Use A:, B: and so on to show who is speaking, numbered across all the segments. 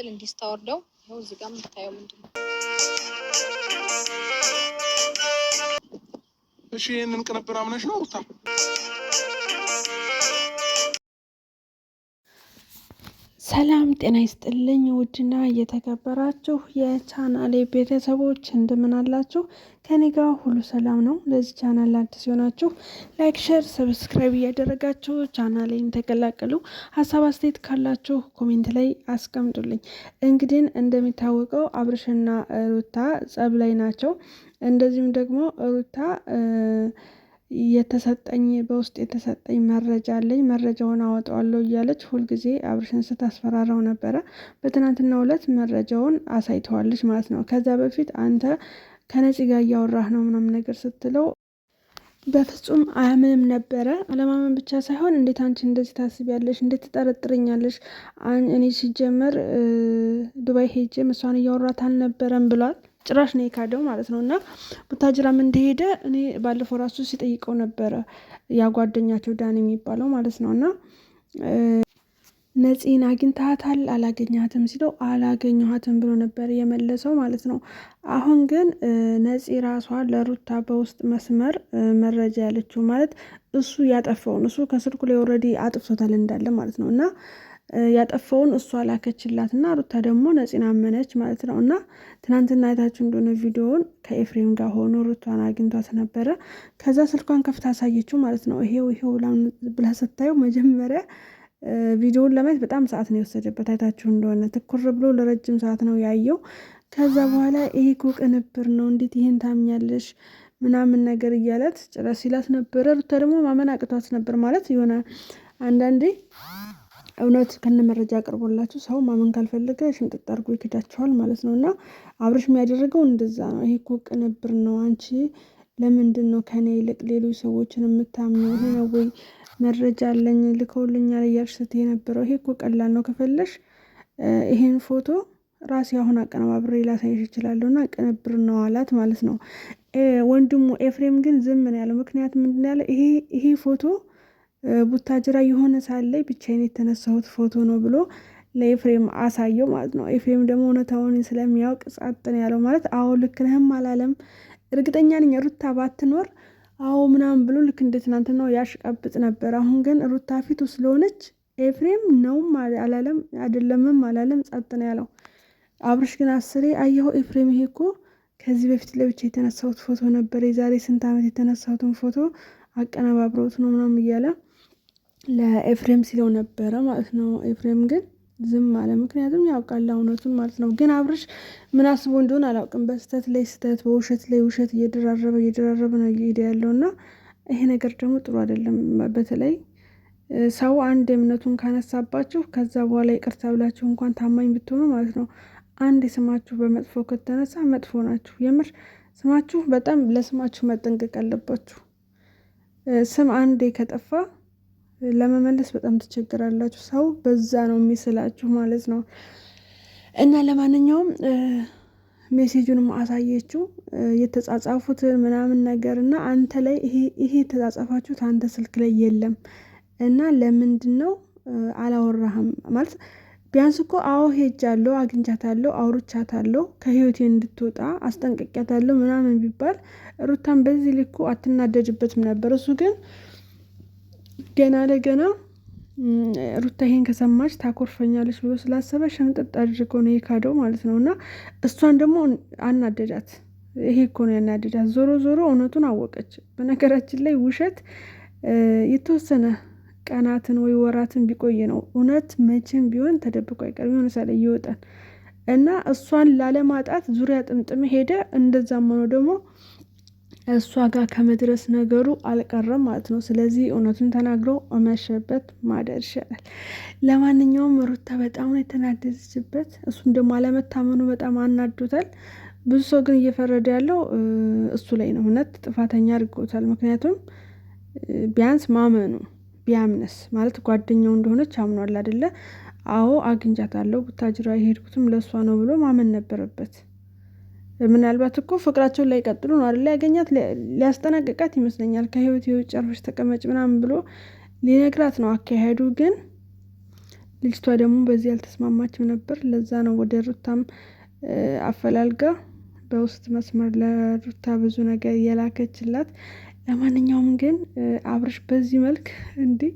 A: ትክክል እንዲስታወርደው ይኸው እዚህ ጋር የምታየው ምንድን ነው? እሺ ይህንን ቅንብር አምነሽ ነው ሩታ? ሰላም ጤና ይስጥልኝ ውድና እየተከበራችሁ የቻናሌ ቤተሰቦች እንደምን አላችሁ? ከኔ ጋር ሁሉ ሰላም ነው። ለዚህ ቻናል አዲስ ሲሆናችሁ ላይክ፣ ሸር፣ ሰብስክራይብ እያደረጋችሁ ቻናሌን ተቀላቀሉ። ሀሳብ አስተያየት ካላችሁ ኮሜንት ላይ አስቀምጡልኝ። እንግዲህ እንደሚታወቀው አብርሽና ሩታ ጸብ ላይ ናቸው። እንደዚሁም ደግሞ ሩታ የተሰጠኝ በውስጥ የተሰጠኝ መረጃ አለኝ መረጃውን አወጣዋለሁ እያለች ሁልጊዜ አብርሽን ስታስፈራራው ነበረ። በትናንትናው ዕለት መረጃውን አሳይተዋለች ማለት ነው። ከዛ በፊት አንተ ከነፂ ጋር እያወራህ ነው ምናምን ነገር ስትለው በፍጹም አያምንም ነበረ። አለማመን ብቻ ሳይሆን እንዴት አንቺ እንደዚህ ታስቢያለሽ? እንዴት ትጠረጥርኛለሽ? እኔ ሲጀመር ዱባይ ሄጄም እሷን እያወራት አልነበረም ብሏል። ጭራሽ ነው የካደው ማለት ነው። እና ቡታጅራም እንደሄደ እኔ ባለፈው ራሱ ሲጠይቀው ነበረ ያጓደኛቸው ጓደኛቸው ዳን የሚባለው ማለት ነው እና ነፂን አግኝታታል አላገኘሃትም ሲለው አላገኘኋትም ብሎ ነበር የመለሰው ማለት ነው። አሁን ግን ነፂ ራሷ ለሩታ በውስጥ መስመር መረጃ ያለችው ማለት እሱ ያጠፋውን እሱ ከስልኩ ላይ ኦልሬዲ አጥፍቶታል እንዳለ ማለት ነው እና ያጠፋውን እሷ አላከችላት እና ሩታ ደግሞ ነፂን አመነች ማለት ነው። እና ትናንትና አይታችሁ እንደሆነ ቪዲዮውን ከኤፍሬም ጋር ሆኖ ሩቷን አግኝቷት ነበረ። ከዛ ስልኳን ከፍታ አሳየችው ማለት ነው። ይሄው ይሄው ብላ ስታየው መጀመሪያ ቪዲዮውን ለማየት በጣም ሰዓት ነው የወሰደበት። አይታችሁ እንደሆነ ትኩር ብሎ ለረጅም ሰዓት ነው ያየው። ከዛ በኋላ ይሄ እኮ ቅንብር ነው፣ እንዴት ይሄን ታምኛለሽ? ምናምን ነገር እያላት ጭራሽ ሲላት ነበረ። ሩተ ደግሞ ማመን አቅቷት ነበር ማለት የሆነ አንዳንዴ እውነት ከነ መረጃ አቅርቦላችሁ ሰው ማመን ካልፈለገ ሽምጥጥ አድርጎ ይክዳችኋል ማለት ነው። እና አብርሽ የሚያደርገው እንደዛ ነው። ይሄ እኮ ቅንብር ነው አንቺ ለምንድን ነው ከኔ ይልቅ ሌሎች ሰዎችን የምታምነው? ይሄ ነው ወይ መረጃ አለኝ ልከውልኛል እያልሽ ስትይ የነበረው። ይሄ እኮ ቀላል ነው። ከፈለሽ ይሄን ፎቶ ራሴ አሁን አቀነባብሬ ላሳይሽ እችላለሁ እና ቅንብር ነው አላት ማለት ነው። ወንድሙ ኤፍሬም ግን ዝም ነው ያለው። ምክንያት ምንድን ያለ ይሄ ፎቶ ቡታጅራ የሆነ ሳል ላይ ብቻዬን የተነሳሁት ፎቶ ነው ብሎ ለኤፍሬም አሳየው ማለት ነው። ኤፍሬም ደግሞ እውነታውን ስለሚያውቅ ጻጥን ያለው ማለት አዎ ልክ ነህም አላለም እርግጠኛ ነኝ ሩታ ባትኖር አዎ ምናምን ብሎ ልክ እንደ ትናንትናው ያሽቀብጥ ነበር። አሁን ግን ሩታ ፊቱ ስለሆነች ኤፍሬም ነውም አላለም አይደለምም አላለም፣ ጸጥ ነው ያለው። አብርሽ ግን አስሬ አየኸው ኤፍሬም፣ ይሄ እኮ ከዚህ በፊት ለብቻ የተነሳሁት ፎቶ ነበር፣ የዛሬ ስንት ዓመት የተነሳሁትን ፎቶ አቀነባብረውት ነው ምናምን እያለ ለኤፍሬም ሲለው ነበረ ማለት ነው። ኤፍሬም ግን ዝም አለ። ምክንያቱም ያውቃል እውነቱን ማለት ነው። ግን አብርሽ ምን አስቦ እንደሆን አላውቅም። በስተት ላይ ስተት በውሸት ላይ ውሸት እየደራረበ እየደራረበ ነው እየሄደ ያለው እና ይሄ ነገር ደግሞ ጥሩ አይደለም። በተለይ ሰው አንድ እምነቱን ካነሳባችሁ ከዛ በኋላ ይቅርታ ብላችሁ እንኳን ታማኝ ብትሆኑ ማለት ነው አንድ ስማችሁ በመጥፎ ከተነሳ መጥፎ ናችሁ። የምር ስማችሁ በጣም ለስማችሁ መጠንቀቅ አለባችሁ። ስም አንዴ ከጠፋ ለመመለስ በጣም ትቸግራላችሁ። ሰው በዛ ነው የሚስላችሁ ማለት ነው። እና ለማንኛውም ሜሴጁንም አሳየችው የተጻጻፉትን ምናምን ነገር እና አንተ ላይ ይሄ የተጻጻፋችሁት አንተ ስልክ ላይ የለም እና ለምንድን ነው አላወራህም? ማለት ቢያንስ እኮ አዎ ሄጃለሁ፣ አግኝቻታለሁ፣ አውርቻታለሁ፣ ከህይወቴ እንድትወጣ አስጠንቅቄያታለሁ ምናምን ቢባል ሩታን በዚህ ልኩ አትናደጅበትም ነበር እሱ ግን ገና ለገና ሩታ ይሄን ከሰማች ታኮርፈኛለች ብሎ ስላሰበ ሸምጠጥ አድርጎ ነው የካደው ማለት ነው። እና እሷን ደግሞ አናደዳት። ይሄ እኮ ነው ያናደዳት። ዞሮ ዞሮ እውነቱን አወቀች። በነገራችን ላይ ውሸት የተወሰነ ቀናትን ወይ ወራትን ቢቆይ ነው እውነት መቼም ቢሆን ተደብቆ አይቀርም። የሆነ ሳለ ይወጣል እና እሷን ላለማጣት ዙሪያ ጥምጥም ሄደ። እንደዛም ሆኖ ደግሞ እሷ ጋር ከመድረስ ነገሩ አልቀረም ማለት ነው። ስለዚህ እውነቱን ተናግሮ መሸበት ማደር ይሻላል። ለማንኛውም ሩታ በጣም ነው የተናደደችበት። እሱም ደግሞ አለመታመኑ በጣም አናዶታል። ብዙ ሰው ግን እየፈረደ ያለው እሱ ላይ ነው። እውነት ጥፋተኛ አድርጎታል። ምክንያቱም ቢያንስ ማመኑ ቢያምነስ ማለት ጓደኛው እንደሆነች አምኗል አደለ? አዎ አግኝቻታለሁ፣ ቡታጅራ የሄድኩትም ለእሷ ነው ብሎ ማመን ነበረበት። ምናልባት እኮ ፍቅራቸውን ላይቀጥሉ ነው አይደለ ያገኛት ሊያስጠናቅቃት ይመስለኛል ከህይወት የውጭ ጨርሰሽ ተቀመጭ ምናምን ብሎ ሊነግራት ነው አካሄዱ ግን ልጅቷ ደግሞ በዚህ አልተስማማችም ነበር ለዛ ነው ወደ ሩታም አፈላልጋ በውስጥ መስመር ለሩታ ብዙ ነገር የላከችላት ለማንኛውም ግን አብርሽ በዚህ መልክ እንዲህ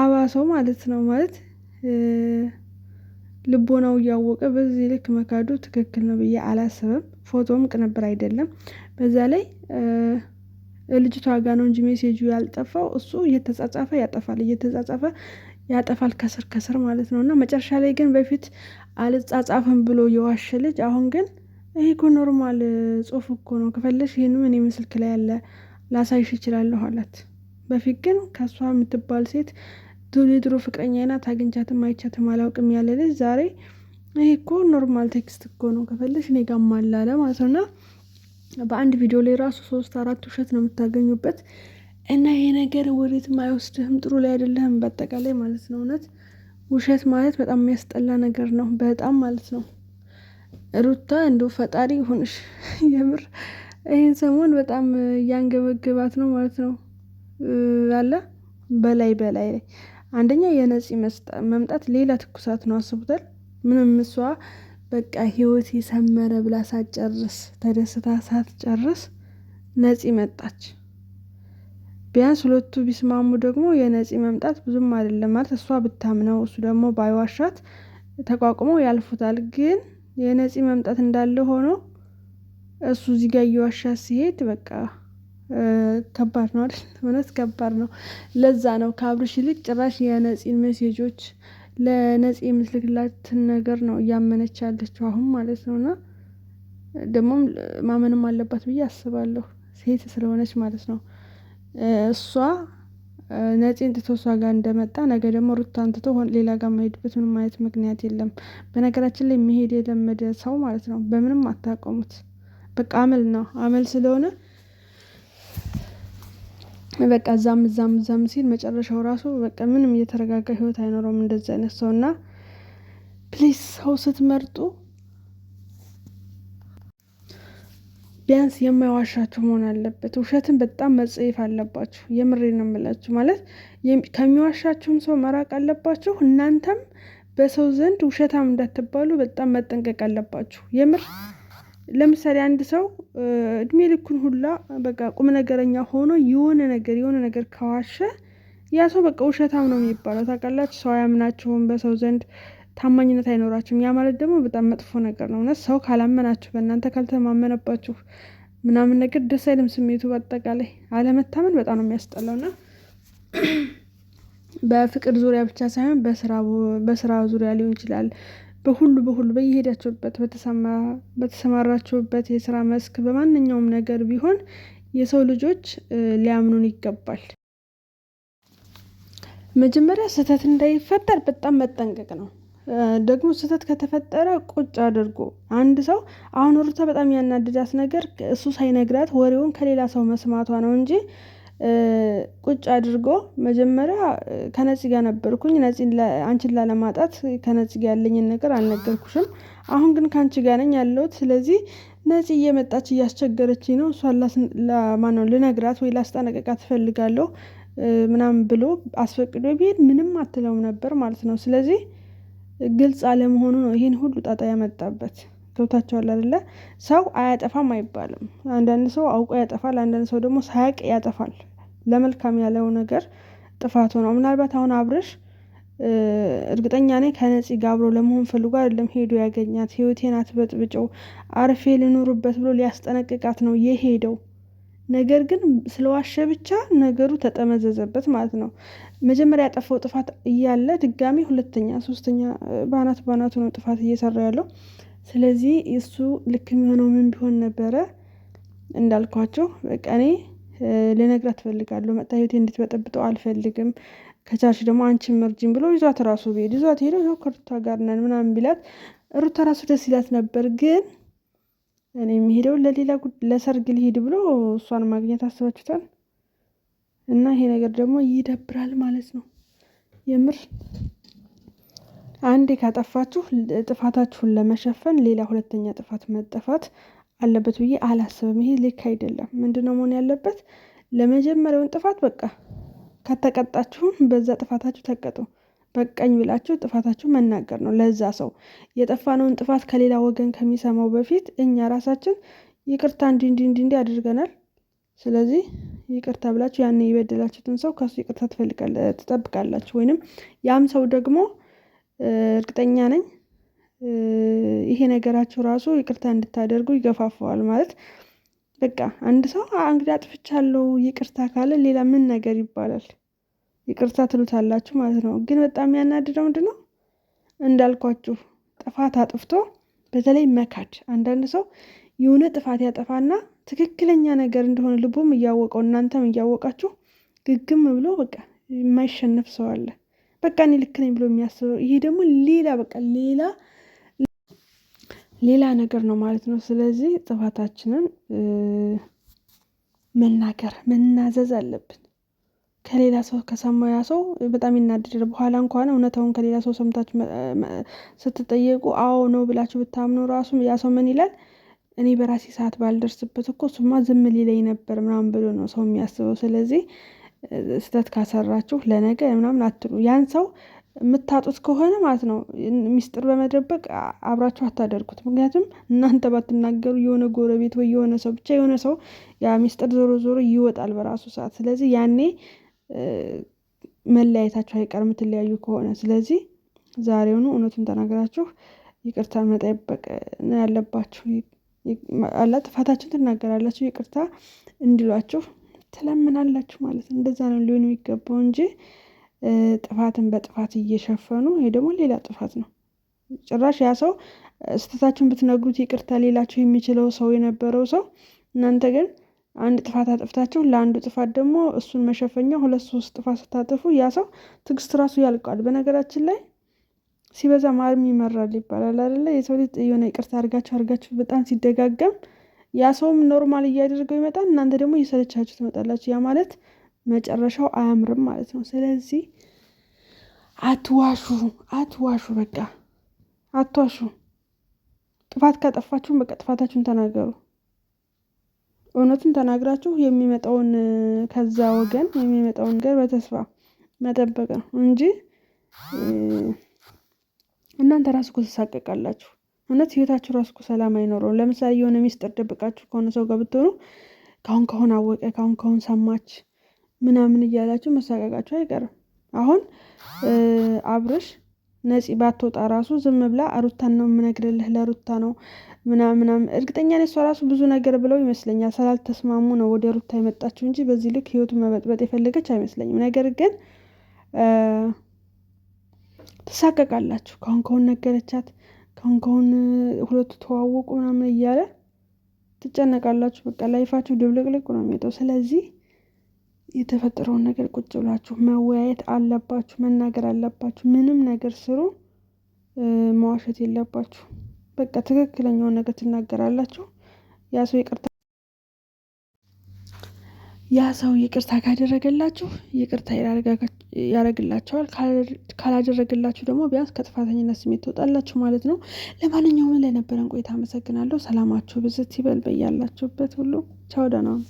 A: አባሰው ማለት ነው ማለት ልቦናው እያወቀ በዚህ ልክ መካዱ ትክክል ነው ብዬ አላስብም ፎቶም ቅንብር አይደለም። በዛ ላይ ልጅቷ ጋ ነው እንጂ ሜሴጁ ያልጠፋው እሱ እየተጻጻፈ ያጠፋል እየተጻጻፈ ያጠፋል ከስር ከስር ማለት ነው። እና መጨረሻ ላይ ግን በፊት አልጻጻፍም ብሎ የዋሸ ልጅ አሁን ግን ይሄ እኮ ኖርማል ጽሁፍ እኮ ነው ከፈለሽ ይህን እኔ ምስልክ ላይ ያለ ላሳይሽ ይችላለሁ አላት። በፊት ግን ከእሷ የምትባል ሴት ድሮ ፍቅረኛ ናት አግኝቻትም አይቻትም አላውቅም ያለ ልጅ ዛሬ ይሄ እኮ ኖርማል ቴክስት እኮ ነው ከፈለሽ እኔ ጋር ማላለ ማለት ነው። እና በአንድ ቪዲዮ ላይ ራሱ ሶስት አራት ውሸት ነው የምታገኙበት። እና ይሄ ነገር ወዴትም አይወስድህም፣ ጥሩ ላይ አይደለህም በአጠቃላይ ማለት ነው። እውነት ውሸት ማለት በጣም የሚያስጠላ ነገር ነው፣ በጣም ማለት ነው። ሩታ እንደው ፈጣሪ ሆንሽ የምር ይህን ሰሞን በጣም እያንገበገባት ነው ማለት ነው። አለ በላይ በላይ አንደኛ የነፂ መምጣት ሌላ ትኩሳት ነው አስቡታል። ምንም እሷ በቃ ህይወት የሰመረ ብላ ሳትጨርስ ተደስታ ሳትጨርስ ነፂ መጣች። ቢያንስ ሁለቱ ቢስማሙ ደግሞ የነፂ መምጣት ብዙም አይደለም ማለት እሷ ብታምነው እሱ ደግሞ ባይዋሻት ተቋቁመው ያልፉታል። ግን የነፂ መምጣት እንዳለ ሆኖ እሱ እዚህ ጋር እየዋሻት ሲሄድ በቃ ከባድ ነው አይደል? እውነት ከባድ ነው። ለዛ ነው ከአብርሽ ይልቅ ጭራሽ የነፂን ሜሴጆች ለነፂ የምትልክላትን ነገር ነው እያመነች ያለችው አሁን ማለት ነው። እና ደግሞም ማመንም አለባት ብዬ አስባለሁ ሴት ስለሆነች ማለት ነው። እሷ ነፂን ትቶ እሷ ጋር እንደመጣ ነገ ደግሞ ሩታን ትቶ ሌላ ጋር መሄድበት ምንም አይነት ምክንያት የለም። በነገራችን ላይ መሄድ የለመደ ሰው ማለት ነው በምንም አታቆሙት። በቃ አመል ነው አመል ስለሆነ በቃ እዛም እዛም እዛም ሲል መጨረሻው ራሱ በቃ ምንም እየተረጋጋ ህይወት አይኖረውም። እንደዚህ አይነት ሰው እና ፕሊስ ሰው ስትመርጡ ቢያንስ የማይዋሻችሁ መሆን አለበት። ውሸትን በጣም መጸየፍ አለባችሁ። የምሬ ነው የምላችሁ። ማለት ከሚዋሻችሁም ሰው መራቅ አለባችሁ። እናንተም በሰው ዘንድ ውሸታም እንዳትባሉ በጣም መጠንቀቅ አለባችሁ። የምር ለምሳሌ አንድ ሰው እድሜ ልኩን ሁላ በቃ ቁም ነገረኛ ሆኖ የሆነ ነገር የሆነ ነገር ከዋሸ ያ ሰው በቃ ውሸታም ነው የሚባለው። ታውቃላችሁ፣ ሰው አያምናቸውም በሰው ዘንድ ታማኝነት አይኖራችሁም። ያ ማለት ደግሞ በጣም መጥፎ ነገር ነው። እውነት ሰው ካላመናችሁ፣ በእናንተ ካልተማመነባችሁ ምናምን ነገር ደስ አይልም። ስሜቱ በአጠቃላይ አለመታመን በጣም ነው የሚያስጠላውና በፍቅር ዙሪያ ብቻ ሳይሆን በስራ ዙሪያ ሊሆን ይችላል በሁሉ በሁሉ በየሄዳችሁበት በተሰማራችሁበት የስራ መስክ በማንኛውም ነገር ቢሆን የሰው ልጆች ሊያምኑን ይገባል። መጀመሪያ ስህተት እንዳይፈጠር በጣም መጠንቀቅ ነው። ደግሞ ስህተት ከተፈጠረ ቁጭ አድርጎ አንድ ሰው አሁን ሩታ በጣም ያናድዳት ነገር እሱ ሳይነግራት ወሬውን ከሌላ ሰው መስማቷ ነው እንጂ ቁጭ አድርጎ መጀመሪያ ከነፂ ጋር ነበርኩኝ ነፂን አንቺን ላለማጣት ከነፂ ጋር ያለኝን ነገር አልነገርኩሽም አሁን ግን ከአንቺ ጋር ነኝ ያለሁት ስለዚህ ነፂ እየመጣች እያስቸገረች ነው እሷን ማነው ልነግራት ወይ ላስጠነቅቃት እፈልጋለሁ ምናምን ብሎ አስፈቅዶ ቢሄድ ምንም አትለውም ነበር ማለት ነው። ስለዚህ ግልጽ አለመሆኑ ነው ይሄን ሁሉ ጣጣ ያመጣበት ገብታቸዋል አይደለ? ሰው አያጠፋም አይባልም። አንዳንድ ሰው አውቆ ያጠፋል፣ አንዳንድ ሰው ደግሞ ሳያቅ ያጠፋል። ለመልካም ያለው ነገር ጥፋቱ ነው። ምናልባት አሁን አብርሽ እርግጠኛ ነኝ ከነፂ ጋር አብሮ ለመሆን ፈልጎ አይደለም ሄዶ ያገኛት ህይወቴን አትበጥብጨው አርፌ ልኑርበት ብሎ ሊያስጠነቅቃት ነው የሄደው። ነገር ግን ስለዋሸ ብቻ ነገሩ ተጠመዘዘበት ማለት ነው። መጀመሪያ ያጠፋው ጥፋት እያለ ድጋሚ ሁለተኛ፣ ሶስተኛ በአናት በአናቱ ነው ጥፋት እየሰራ ያለው። ስለዚህ እሱ ልክ የሚሆነው ምን ቢሆን ነበረ እንዳልኳቸው በቃ እኔ ልነግራት እፈልጋለሁ መጥታ ህይወቴን እንድትበጠብጠው አልፈልግም ከቻልሽ ደግሞ አንቺም እርጂኝ ብሎ ይዟት ራሱ ብሄድ ይዟት ሄደ ከሩታ ጋር ነን ምናምን ቢላት ሩታ ራሱ ደስ ይላት ነበር ግን እኔ የሚሄደው ለሌላ ለሰርግ ሊሄድ ብሎ እሷን ማግኘት አስባችሁታል እና ይሄ ነገር ደግሞ ይደብራል ማለት ነው የምር አንዴ ካጠፋችሁ ጥፋታችሁን ለመሸፈን ሌላ ሁለተኛ ጥፋት መጠፋት አለበት ብዬ አላስብም። ይሄ ልክ አይደለም። ምንድነው መሆን ያለበት? ለመጀመሪያውን ጥፋት በቃ ከተቀጣችሁም በዛ ጥፋታችሁ ተቀጡ። በቀኝ ብላችሁ ጥፋታችሁ መናገር ነው ለዛ ሰው። የጠፋነውን ጥፋት ከሌላ ወገን ከሚሰማው በፊት እኛ ራሳችን ይቅርታ እንዲ እንዲ እንዲ እንዲ አድርገናል፣ ስለዚህ ይቅርታ ብላችሁ ያን የበደላችሁትን ሰው ከሱ ይቅርታ ትፈልጋለ ትጠብቃላችሁ ወይንም ያም ሰው ደግሞ እርግጠኛ ነኝ። ይሄ ነገራችሁ ራሱ ይቅርታ እንድታደርጉ ይገፋፈዋል ማለት በቃ አንድ ሰው እንግዲህ አጥፍቻለሁ ይቅርታ ካለ ሌላ ምን ነገር ይባላል? ይቅርታ ትሉታላችሁ ማለት ነው። ግን በጣም የሚያናድደው ምንድነው? እንዳልኳችሁ ጥፋት አጥፍቶ በተለይ መካድ አንዳንድ ሰው የሆነ ጥፋት ያጠፋና ትክክለኛ ነገር እንደሆነ ልቡም እያወቀው እናንተም እያወቃችሁ ግግም ብሎ በቃ የማይሸነፍ ሰው አለ በቃ እኔ ልክ ነኝ ብሎ የሚያስበው ይሄ ደግሞ ሌላ በቃ ሌላ ሌላ ነገር ነው ማለት ነው። ስለዚህ ጥፋታችንን መናገር መናዘዝ አለብን። ከሌላ ሰው ከሰማው ያ ሰው በጣም ይናደዳል። በኋላ እንኳን እውነታውን ከሌላ ሰው ሰምታችሁ ስትጠየቁ አዎ ነው ብላችሁ ብታምኑ ራሱ ያ ሰው ምን ይላል? እኔ በራሴ ሰዓት ባልደርስበት እኮ እሱማ ዝም ሊለኝ ነበር ምናምን ብሎ ነው ሰው የሚያስበው። ስለዚህ ስህተት ካሰራችሁ ለነገ ምናምን አትሉ። ያን ሰው የምታጡት ከሆነ ማለት ነው ሚስጥር በመደበቅ አብራችሁ አታደርጉት። ምክንያቱም እናንተ ባትናገሩ የሆነ ጎረቤት ወይ የሆነ ሰው ብቻ የሆነ ሰው ያ ሚስጥር ዞሮ ዞሮ ይወጣል በራሱ ሰዓት። ስለዚህ ያኔ መለያየታችሁ አይቀርም ትለያዩ ከሆነ። ስለዚህ ዛሬውኑ እውነቱን ተናግራችሁ ይቅርታ መጠበቅ ነው ያለባችሁ። ጥፋታችሁን ትናገራላችሁ ይቅርታ እንዲሏችሁ ትለምናላችሁ ማለት ነው። እንደዛ ነው ሊሆን የሚገባው እንጂ ጥፋትን በጥፋት እየሸፈኑ ይሄ ደግሞ ሌላ ጥፋት ነው። ጭራሽ ያ ሰው ስህተታችሁን ብትነግሩት ይቅርታ ሌላችሁ የሚችለው ሰው የነበረው ሰው እናንተ ግን አንድ ጥፋት አጥፍታችሁ ለአንዱ ጥፋት ደግሞ እሱን መሸፈኛ ሁለት ሶስት ጥፋት ስታጥፉ ያ ሰው ትግስት ራሱ ያልቀዋል። በነገራችን ላይ ሲበዛ ማርም ይመራል ይባላል አይደለ? የሰው ልጅ የሆነ ይቅርታ አድርጋችሁ አድርጋችሁ በጣም ሲደጋገም ያ ሰውም ኖርማል እያደረገው ይመጣል፣ እናንተ ደግሞ እየሰለቻችሁ ትመጣላችሁ። ያ ማለት መጨረሻው አያምርም ማለት ነው። ስለዚህ አትዋሹ፣ አትዋሹ፣ በቃ አትዋሹ። ጥፋት ካጠፋችሁም በቃ ጥፋታችሁን ተናገሩ። እውነቱን ተናግራችሁ የሚመጣውን ከዛ ወገን የሚመጣውን ነገር በተስፋ መጠበቅ ነው እንጂ እናንተ ራሱ ትሳቀቃላችሁ። እውነት ህይወታችሁ ራሱ እኮ ሰላም አይኖረውም። ለምሳሌ የሆነ ሚስጥር ደብቃችሁ ከሆነ ሰው ጋር ብትሆኑ ካሁን ካሁን አወቀ፣ ካሁን ካሁን ሰማች ምናምን እያላችሁ መሳቀቃችሁ አይቀርም። አሁን አብርሽ ነፂ ባትወጣ ራሱ ዝም ብላ አሩታን ነው የምነግርልህ ለሩታ ነው ምናምናም እርግጠኛ ነኝ እሷ ራሱ ብዙ ነገር ብለው ይመስለኛል ስላልተስማሙ ነው ወደ ሩታ የመጣችው እንጂ በዚህ ልክ ህይወቱን መበጥበጥ የፈለገች አይመስለኝም። ነገር ግን ትሳቀቃላችሁ። ካሁን ካሁን ነገረቻት ካሁን ካሁን ሁለቱ ተዋወቁ ምናምን እያለ ትጨነቃላችሁ። በቃ ላይፋችሁ ድብልቅልቅ ነው የሚወጣው። ስለዚህ የተፈጠረውን ነገር ቁጭ ብላችሁ መወያየት አለባችሁ፣ መናገር አለባችሁ። ምንም ነገር ስሩ፣ መዋሸት የለባችሁ። በቃ ትክክለኛውን ነገር ትናገራላችሁ። ያ ሰው ይቅርታ ያ ሰው ይቅርታ ካደረገላችሁ ይቅርታ ያደረግላቸዋል፣ ካላደረገላችሁ ደግሞ ቢያንስ ከጥፋተኝነት ስሜት ትወጣላችሁ ማለት ነው። ለማንኛውም ለነበረን ቆይታ አመሰግናለሁ። ሰላማችሁ ብዝት ይበል በያላችሁበት ሁሉ ቻው፣ ደህና ነው።